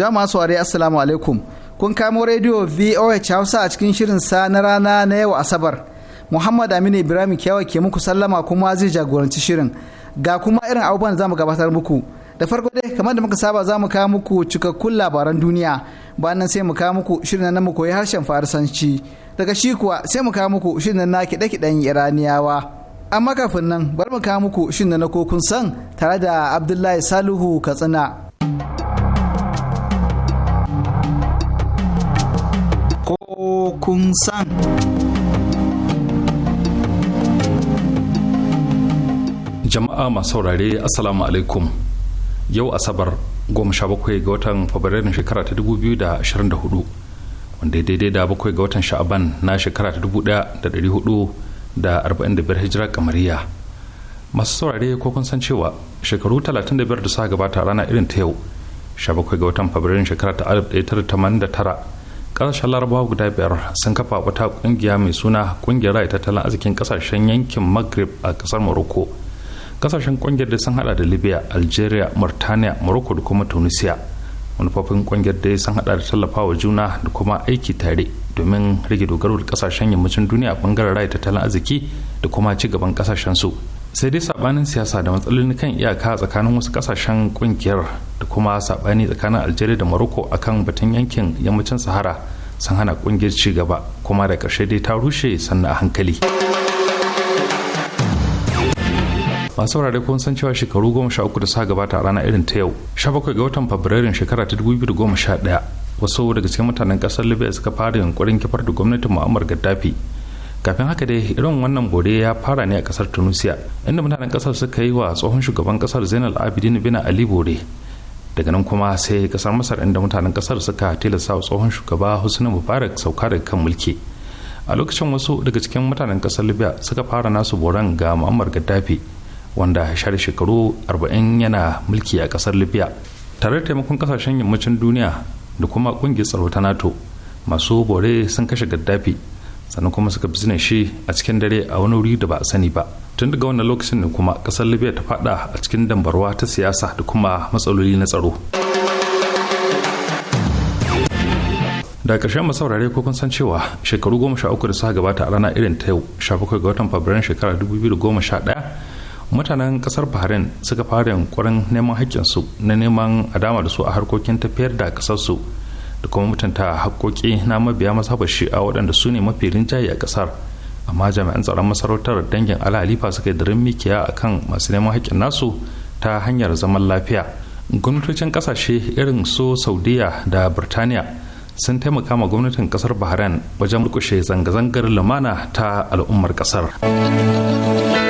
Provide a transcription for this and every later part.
jama'a saurari assalamu alaikum kun kamo rediyo voh hausa a cikin shirin sa na rana na yau asabar muhammad aminu ibrahim kyawa ke muku sallama kuma zai jagoranci shirin ga kuma irin abubuwan za mu gabatar muku da farko dai kamar da muka saba za mu kawo muku cikakkun labaran duniya bayan nan sai mu kawo muku shirin na mu koyi harshen farsanci daga shi kuwa sai mu kawo muku shirin na kiɗe-kiɗen iraniyawa amma kafin nan bari mu kawo muku shirin na kokun san tare da abdullahi saluhu katsina ko kun san. Jama'a masu saurare Assalamu alaikum yau Asabar goma sha bakwai ga watan Fabrairun shekara ta dubu biyu da ashirin da hudu wanda ya daidai da bakwai ga watan sha'aban na shekara ta dubu daya da dari hudu da arba'in da biyar hijira kamariya masu saurare ko kun san cewa shekaru talatin da biyar da suka gabata rana irin ta yau sha bakwai ga watan Fabrairun shekara ta alif ɗaya tara tamanin da tara kasashen larabawa guda biyar sun kafa wata kungiya mai suna kungiyar rai tattalin arzikin ƙasashen yankin maghrib a ƙasar morocco ƙasashen ƙungiyar da sun hada da libya algeria martaniya morocco da kuma tunisia manufofin ƙungiyar dai sun hada da tallafawa juna da kuma aiki tare domin rage dogaro da kasashen yammacin duniya a bangaren rai tattalin arziki da kuma ci gaban kasashen su sai dai sabanin siyasa da matsalolin kan iyaka tsakanin wasu kasashen kungiyar da kuma sabani tsakanin algeria da morocco akan batun yankin yammacin sahara sun hana kungiyar ci gaba kuma da karshe dai ta rushe sannan a hankali masu wurare kun san cewa shekaru goma sha uku da sa gabata a ranar irin ta yau sha bakwai ga watan fabrairun shekara ta dubu biyu goma sha ɗaya wasu daga cikin mutanen kasar libya suka fara yunkurin kifar da gwamnatin mu'ammar gaddafi kafin haka dai irin wannan bore ya fara ne a kasar tunisia inda mutanen kasar suka yi wa tsohon shugaban kasar zainal abidin bin ali bore daga nan kuma sai kasar masar inda mutanen kasar suka tilasta wa tsohon shugaba husni mubarak sauka daga kan mulki a lokacin wasu daga cikin mutanen kasar libya suka fara nasu boran ga muammar gaddafi wanda share shekaru arba'in yana mulki a kasar libya tare da taimakon kasashen yammacin duniya da kuma kungiyar tsaro ta nato masu bore sun kashe gaddafi sannan kuma suka bizne shi a cikin dare a wani wuri da ba a sani ba tun daga wannan lokacin ne kuma kasar libya ta fada a cikin dambarwa ta siyasa da kuma matsaloli na tsaro da ƙarshen masaurare ko kun san cewa shekaru goma sha uku da suka gabata a rana irin ta yau sha bakwai ga watan fabrairun shekara dubu biyu da goma sha ɗaya mutanen ƙasar bahrain suka fara yunkurin neman haƙƙinsu na neman adama da su a harkokin tafiyar da ƙasarsu da kuma mutunta haƙoƙi na mabiya mazhabar shi'a waɗanda su ne mafi rinjaye a ƙasar amma jami'an tsaron masarautar dangin alhalifa suka yi daren mikiya a kan masu neman haƙƙin nasu ta hanyar zaman lafiya gwamnatocin ƙasashe irin su saudiya da birtaniya sun taimaka ma gwamnatin ƙasar bahrain wajen rikushe zanga-zangar lumana ta al'ummar ƙasar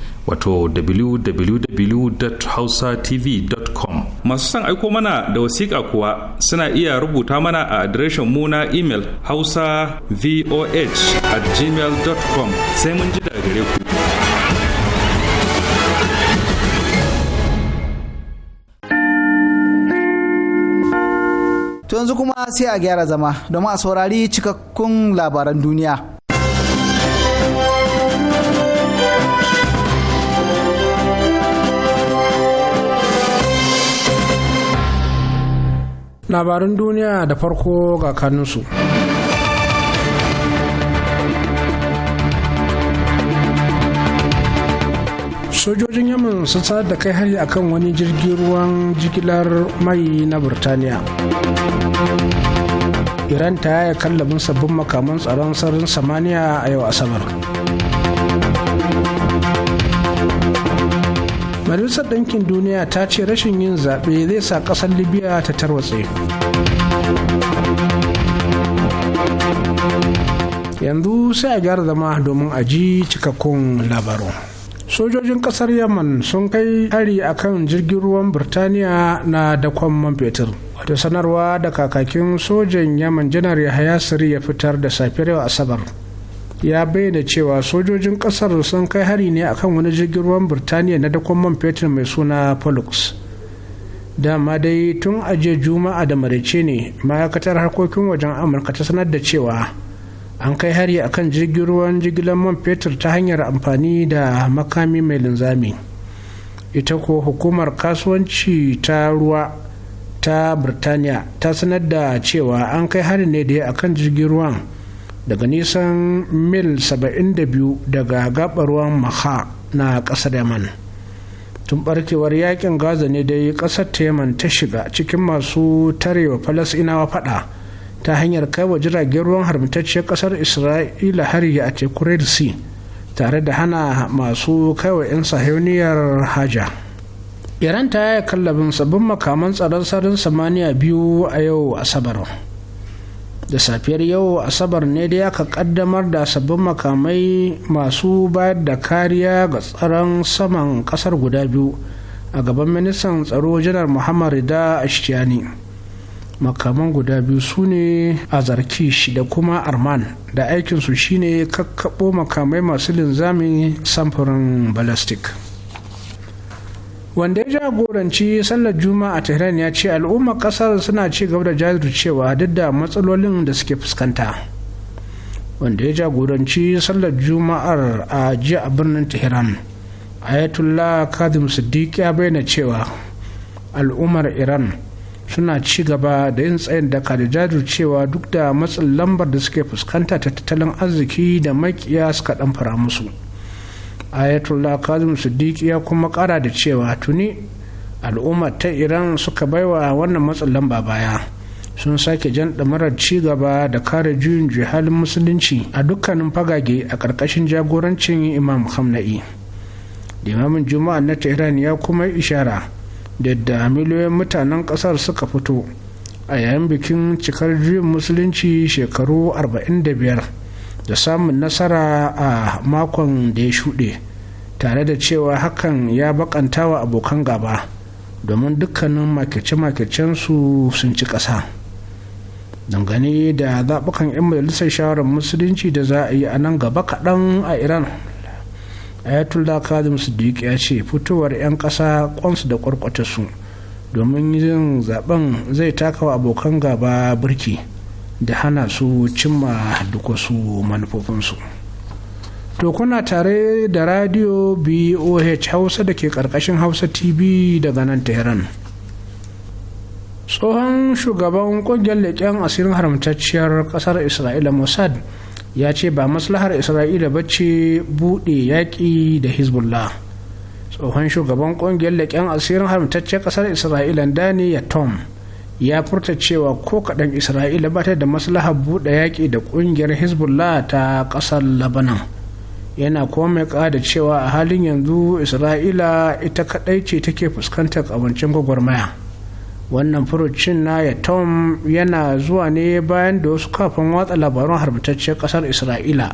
wato www.hausatv.com masu son aiko mana da wasiƙa kuwa suna iya rubuta mana a adireshin mu na imel hausa voh at gmail.com sai mun ji daga gare ku to yanzu kuma sai a gyara zama domin a saurari cikakkun labaran duniya labarin duniya da farko ga kanunsu. sojojin yamin sun sanar da kai hari akan wani jirgin ruwan jigilar mai na burtaniya iran ta yaya kallabin sabbin makaman tsaron sararin samaniya a yau asabar majalisar ɗinkin duniya ta ce rashin yin zaɓe zai sa ƙasar libya ta tarwatse yanzu sai a gyara zama domin a ji cikakkun labaru sojojin ƙasar yaman sun kai hari a kan jirgin ruwan birtaniya na dakon man fetur wata sanarwa da kakakin sojan yaman janar yahaya siri ya fitar da safiyar asabar ya bayyana cewa sojojin kasar sun kai hari ne akan wani jirgin ruwan birtaniya na dakon man fetur mai suna pollux dama dai tun ajiye juma'a da marice ne ma'aikatar harkokin wajen amurka ta sanar da cewa an kai hari akan jirgin ruwan jigilar man fetur ta hanyar amfani da makami mai linzami ita ko hukumar kasuwanci ta ruwa ta birtaniya ta sanar da cewa an kai hari ne da akan jirgin ruwan daga nisan mil 72 daga gabarwar maha na kasar yaman tun barkewar yakin gaza ne dai ƙasar ta yaman ta shiga cikin masu tarewa falasinawa fada ta hanyar kaiwa jiragen ruwan harmitacciyar kasar isra'ila hari a teku red sea tare da hana masu kaiwa 'yan sahiyoniyar haja iran ta yi kallabin sabbin makaman tsaron sarin samaniya biyu a yau asabar da safiyar yau asabar ne da aka kaddamar da sabbin makamai masu bayar da kariya ga tsaron saman kasar guda biyu a gaban ministan tsaro janar muhammad da ashtiyani makaman guda biyu su ne a shi da kuma arman da aikinsu shine kakkaɓo makamai masu linzamin samfurin balastik. wanda ya jagoranci sallar juma'a a tehran ya ce al'ummar kasar suna ci gaba da jajircewa duk da matsalolin da suke fuskanta wanda ya jagoranci sallar juma'ar a jiya a birnin tehran ayatollah kadim siddiq ya bayyana cewa al'ummar iran suna ci gaba da yin tsayin daka da jajircewa duk da matsin lambar da suke fuskanta tattalin arziki da makiya suka ɗan fara musu. ayatollah kazim siddiq ya kuma kara da cewa tuni al'ummar ta iran suka baiwa wannan matsin lamba baya sun sake jan ɗamarar ci gaba da kare juyin jihalin musulunci a dukkanin fagage a ƙarƙashin jagorancin imam hamna'i limamin juma'a na tehran ya kuma ishara da da miliyoyin mutanen ƙasar suka fito a yayin bikin cikar juyin musulunci shekaru 45 da samun nasara a makon da ya shuɗe tare da cewa hakan ya bakanta wa abokan gaba domin dukkanin makice-makicensu sun ci ƙasa dangane da zaɓukan 'yan majalisar shawarar musulunci da za a yi a nan gaba kaɗan a iran ayatollah kazim siddiq ya ce fitowar 'yan ƙasa ƙwansu da ƙwarƙwata su domin yin zaɓen zai takawa abokan gaba birki. da hana su cimma duk wasu manufofinsu. To kuna tare da radio BOH Hausa da ke ƙarƙashin Hausa TV daga nan Tehran. Tsohon shugaban ƙungiyar leƙen asirin haramtacciyar ƙasar Isra'ila Mossad ya ce ba maslahar Isra'ila ba ce buɗe yaƙi da Hezbollah. Tsohon shugaban ƙungiyar leƙen asirin haramtacciyar ƙasar Isra'ila Dani Tom ya furta cewa ko kaɗan isra'ila ba ta da maslahar buɗe yaƙi da ƙungiyar hezbollah ta ƙasar labanan yana kuma ƙada cewa a halin yanzu isra'ila ita kaɗai ce take fuskantar ƙawancin gwagwarmaya wannan furucin na ya tom yana zuwa ne bayan da wasu kafin watsa labarun harbitacciyar ƙasar isra'ila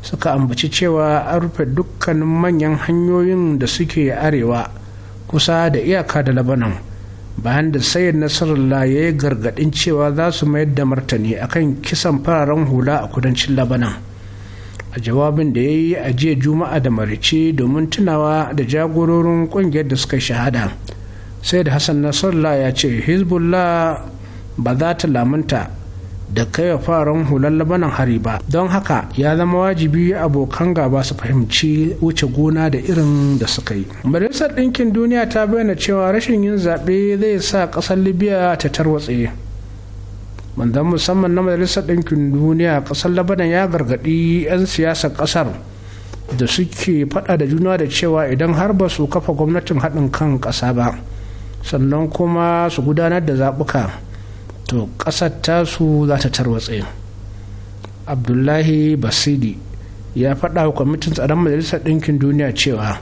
suka ambaci cewa an rufe dukkanin manyan hanyoyin da suke arewa kusa da iyaka da labanan bayan da sayyid nasarallah ya yi gargaɗin cewa za su mayar da martani akan kisan fararen hula a kudancin labanan a jawabin da ya yi a jiya juma'a da marice domin tunawa da jagororin ƙungiyar da suka shahada sayyid hassan nasarallah ya ce hezbollah ba za ta lamunta da kaiwa faran hular labanan hari ba don haka ya zama wajibi abokan gaba su fahimci wuce gona da irin da suka yi majalisar ɗinkin duniya ta bayyana cewa rashin yin zaɓe zai sa ƙasar libya ta tarwatse manzan musamman na majalisar ɗinkin duniya ƙasar labanan ya gargaɗi 'yan siyasar ƙasar da suke faɗa da juna da cewa idan har ba su kafa gwamnatin haɗin kan ƙasa ba sannan kuma su gudanar da zaɓuka to ƙasar tasu za ta tarwatse abdullahi basidi ya faɗa wa kwamitin tsaron majalisar ɗinkin duniya cewa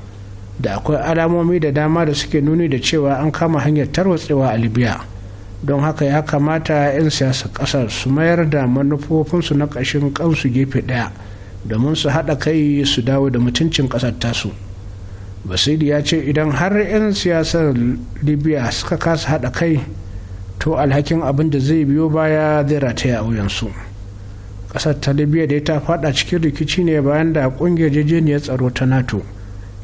da akwai alamomi da dama da suke nuni da cewa an kama hanyar tarwatsewa a libya don haka ya kamata 'yan siyasar ƙasar su mayar da manufofinsu na ƙashin kansu gefe ɗaya domin su haɗa kai su dawo da mutuncin ƙasar tasu basiri ya ce idan har 'yan siyasar libya suka kasa haɗa kai to alhakin abin da zai biyo baya zai rataya a wuyansu ƙasar ta libya da ta fada cikin rikici ne bayan da ƙungiyar jejeniyar tsaro ta nato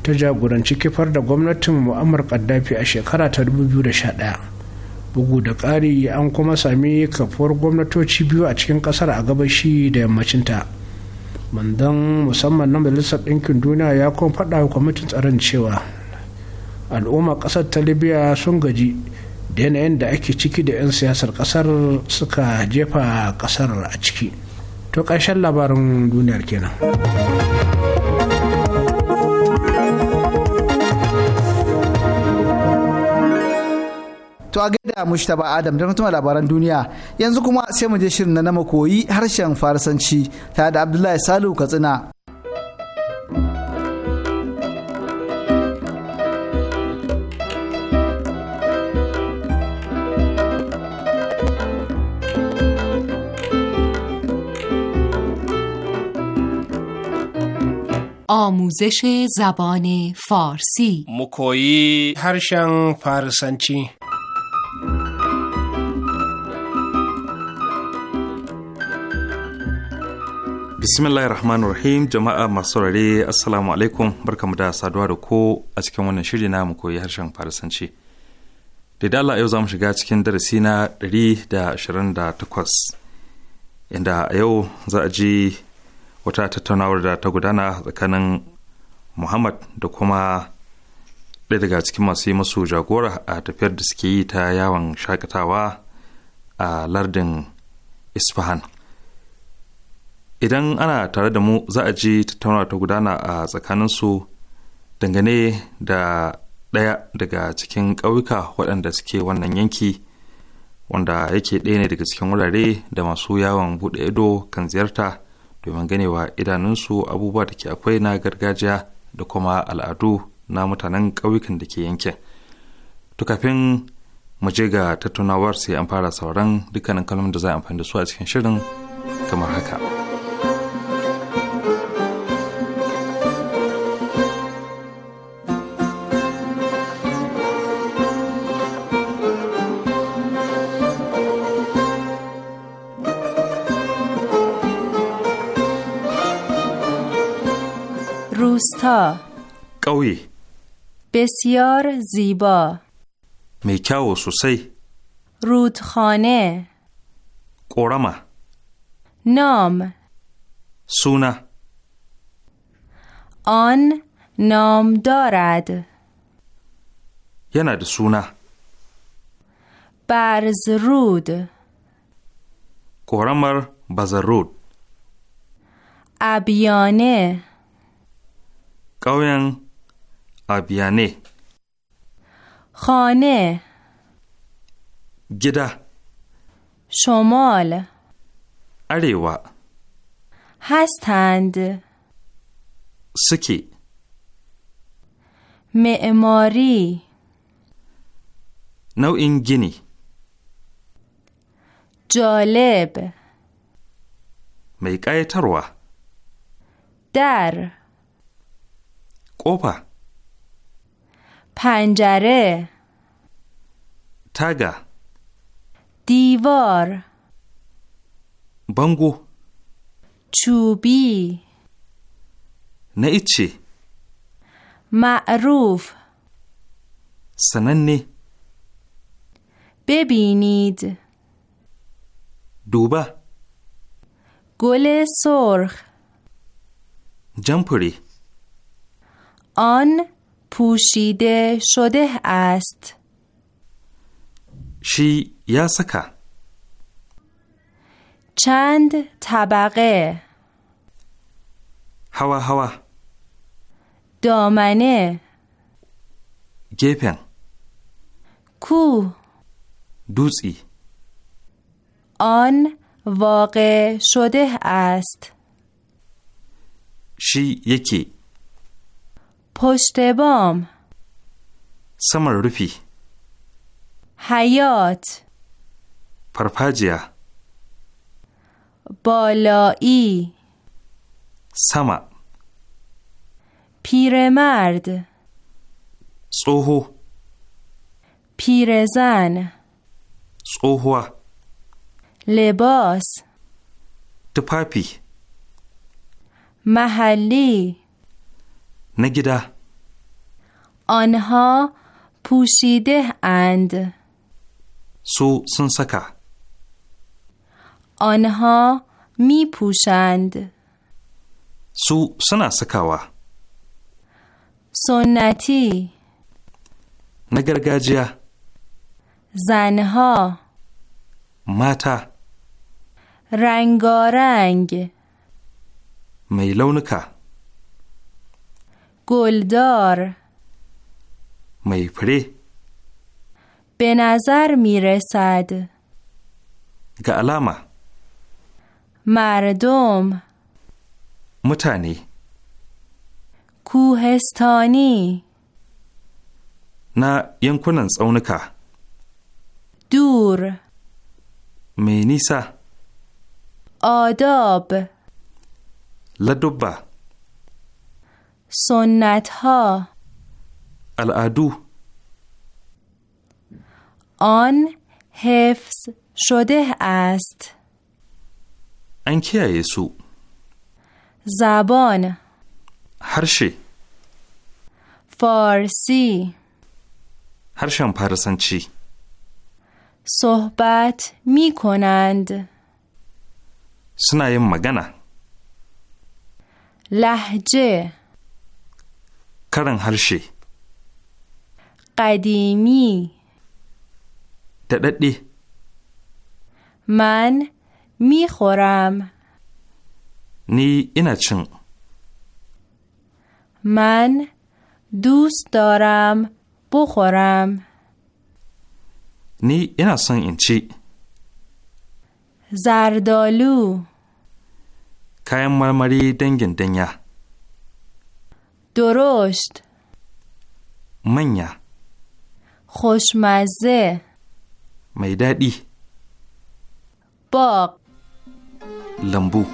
ta jagoranci kifar da gwamnatin mu'ammar kaddafi a shekara ta 2011 bugu da ƙari an kuma sami kafuwar gwamnatoci biyu a cikin ƙasar a gabashi da yammacinta mandan musamman na majalisar ɗinkin duniya ya kuma faɗa kwamitin tsaron cewa al'umma ƙasar ta libya sun gaji da yanayin da ake ciki da 'yan siyasar kasar suka jefa kasar a ciki to ƙarshen labarin duniyar kenan to a gaida mushtaba adam da mutum labaran duniya yanzu kuma sai mu je shirin na na makoyi harshen farisanci tare da abdullahi salu katsina آموزش زبان فارسی مکویی هرشن فارسنچی bismillahir rahmanir rahim jama'a masu saurare assalamu alaikum barkamu da saduwa da ko a cikin wannan shiri na mu koyi harshen farisanci da dala yau za mu shiga cikin darasi na 128 inda a yau za a ji wata tattaunawar da ta gudana tsakanin muhammad da kuma ɗaya daga cikin masu yi masu jagora a tafiyar da suke yi ta yawon shakatawa a lardin isfahan idan ana tare da mu za a ji tattaunawar ta gudana a tsakaninsu dangane da ɗaya daga cikin ƙauyuka waɗanda suke wannan yanki wanda yake ɗaya ne daga cikin wurare da masu yawon buɗe ido kan ziyarta domin ganewa idanunsu abubuwa da ke akwai na gargajiya da kuma al'adu na mutanen ƙauyukan da ke yankin to kafin mu je ga tattaunawar sai an fara sauran dukkanin kalmomin da za a amfani da su a cikin shirin kamar haka. قوی بسیار زیبا میکاو سوسی رودخانه قرما نام سونا آن نام دارد یه سونا برز رود قرمر رود. ابیانه قویان آبیانه خانه گدا شمال اریوا هستند سکی معماری نوع این گینی جالب می قایتروا در ƙofa panjare taga divar bango cubi na ice Ma'aruf. sananne Baby دوبه Duba. سرخ جمپری آن پوشیده شده است شی یا چند طبقه هوا هوا دامنه گپن کو دوزی آن واقع شده است شی یکی پشت بام سمر رفی حیات پرپاجیا بالایی سما پیرمرد پیر پیرزن سوهو. لباس تفافی محلی نگیده آنها پوشیده اند. سو سنسکه آنها می پوشند. سو سنا و سنتی. نگرگاجیا. زنها. ماتا. رنگارنگ. میلونکا. گلدار mai fure به نظر می رسد ga alama مردم mutane کوهستانی na yankunan tsaunuka دور mai nisa آداب ladubba سنت ها العدو آن حفظ شده است انکیه سو زبان هرشی فارسی هرشم چی؟ صحبت می کنند سنایم مگنه لحجه کرن هرشی قدیمی تددی من می خورم نی اینا چن من دوست دارم بخورم نی اینا سن این چی زردالو کایم مرمری دنگن دنیا درشت منیا خوشمزه میدادی باغ لمبو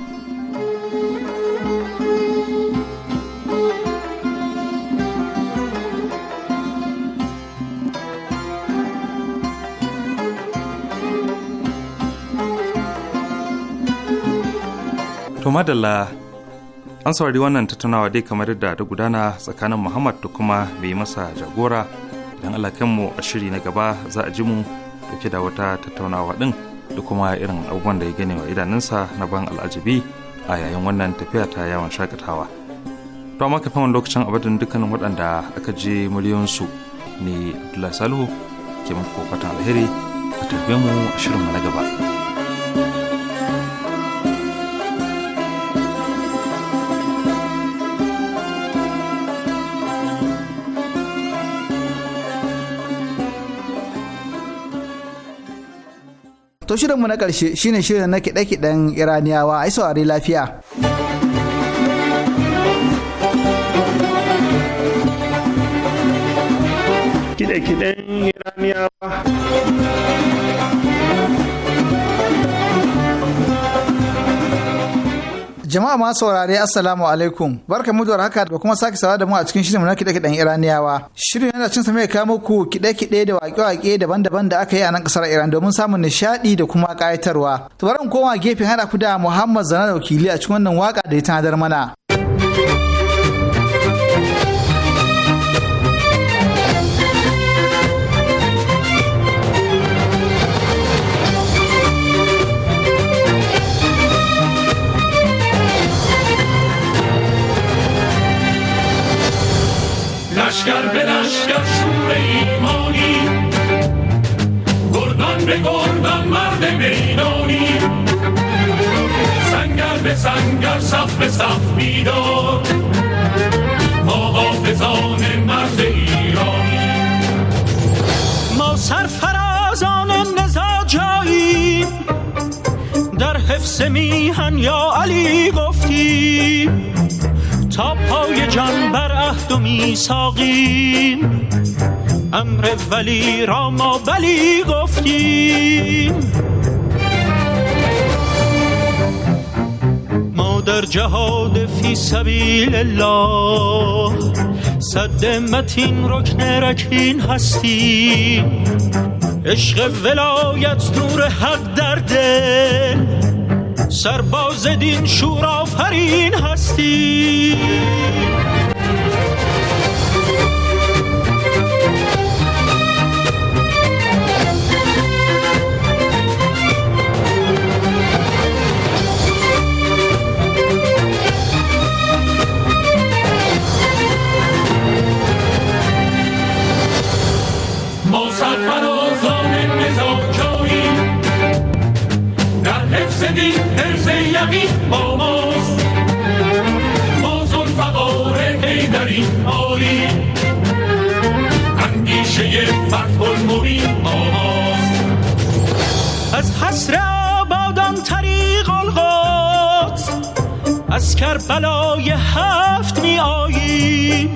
To madalla an saurari wannan tattaunawa dai kamar yadda ta gudana tsakanin muhammad da kuma mai masa jagora idan alakanmu a shiri na gaba za a ji mu dauke da wata tattaunawa din da kuma irin abubuwan da ya gane wa idanunsa na ban al'ajabi a yayin wannan tafiya ta yawon shakatawa to amma kafin wani lokacin abadin dukkanin waɗanda aka je miliyonsu ne abdullahi salihu ke muku fatan alheri a tarbe mu a shirinmu na gaba. To shirinmu na ƙarshe shine shirin na kiɗe-kiɗen Iraniyawa ai saurari lafiya. Kiɗe-kiɗen Iraniyawa. Jama'a ma saurare Assalamu alaikum. Barka mu da haka da kuma sake sawa da mu a cikin shirin na kiɗe-kiɗen Iraniyawa. Shirin yana cin mai kawo muku kiɗe-kiɗe da waƙe-waƙe daban-daban da aka yi a nan ƙasar Iran domin samun nishaɗi da kuma ƙayatarwa. To bari mu koma gefen haɗa ku da Muhammad Zana da wakili a cikin wannan waƙa da ya tanadar mana. میهن یا علی گفتی تا پای جان بر عهد و میساقیم امر ولی را ما بلی گفتیم ما در جهاد فی سبیل الله صد متین رکن رکین هستیم عشق ولایت نور حق در دل سرباز دین شورافرین هستی رقیق با ماست ما فقار حیدری عالی اندیشه فتح المبین با ماست از حسر آبادان طریق الغات از کربلای هفت می آییم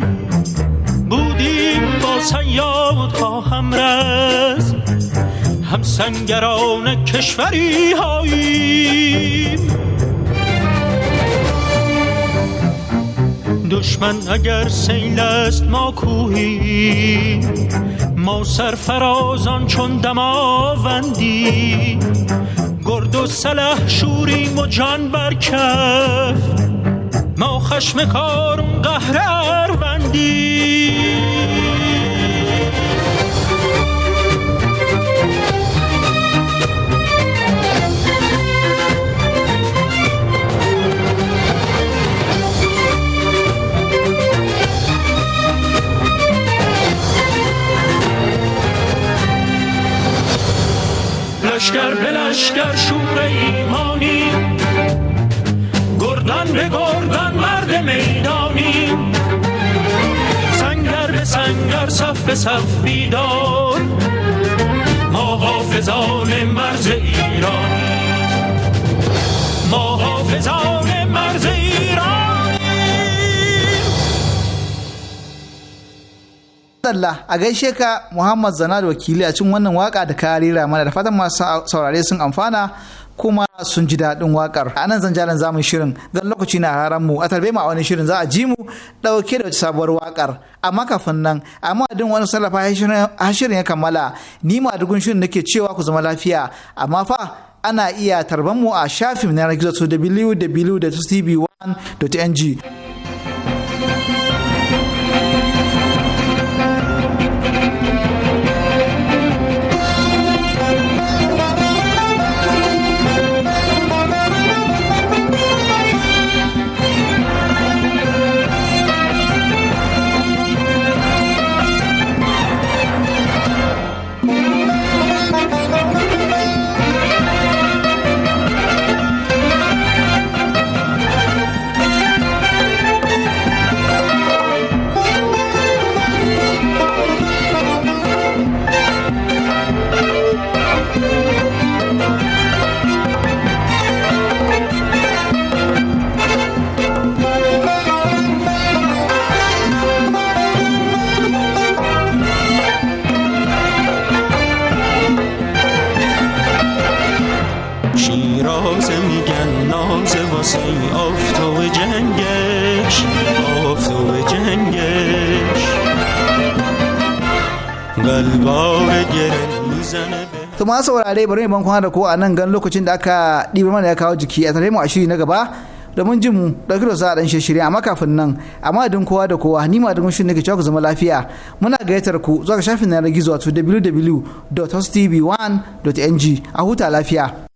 بودیم با سیاد ها هم همسنگران کشوری هاییم دشمن اگر سیل است ما کوهی ما سرفرازان چون دماوندی گرد و سلح شوری و جان برکف ما خشم کارون قهر اروندی لشکر به لشکر شور ایمانی گردن به گردن مرد میدانی سنگر به سنگر صف به صف بیدار ما حافظان مرز ایرانی ما حافظان madalla a gaishe ka Muhammad Zana da wakili a cikin wannan waka da ka rera mana da fatan masu saurare sun amfana kuma sun ji daɗin wakar. A nan zan jalan zamun shirin don lokaci na raran mu a tarbe mu a wani shirin za a ji mu ɗauke da sabuwar wakar. Amma kafin nan amma din wani sarrafa shirin ya kammala ni ma dugun shirin nake cewa ku zama lafiya amma fa ana iya tarban mu a shafin na gizo www.tv1.ng. ناز واسه این آفتاب جنگش آفتاب جنگش قلبار گره میزنه to ma saurare bari ban kwana da ko a nan gan lokacin da aka ɗiba mana ya kawo jiki a tare mu a shiri na gaba domin jin mu ɗauki da za a ɗan shirya amma kafin nan amma don kowa da kowa ni ma da gunshin nake cewa ku zama lafiya muna gayyatar ku zuwa ga shafin yanar gizo wato www.hostv1.ng a huta lafiya.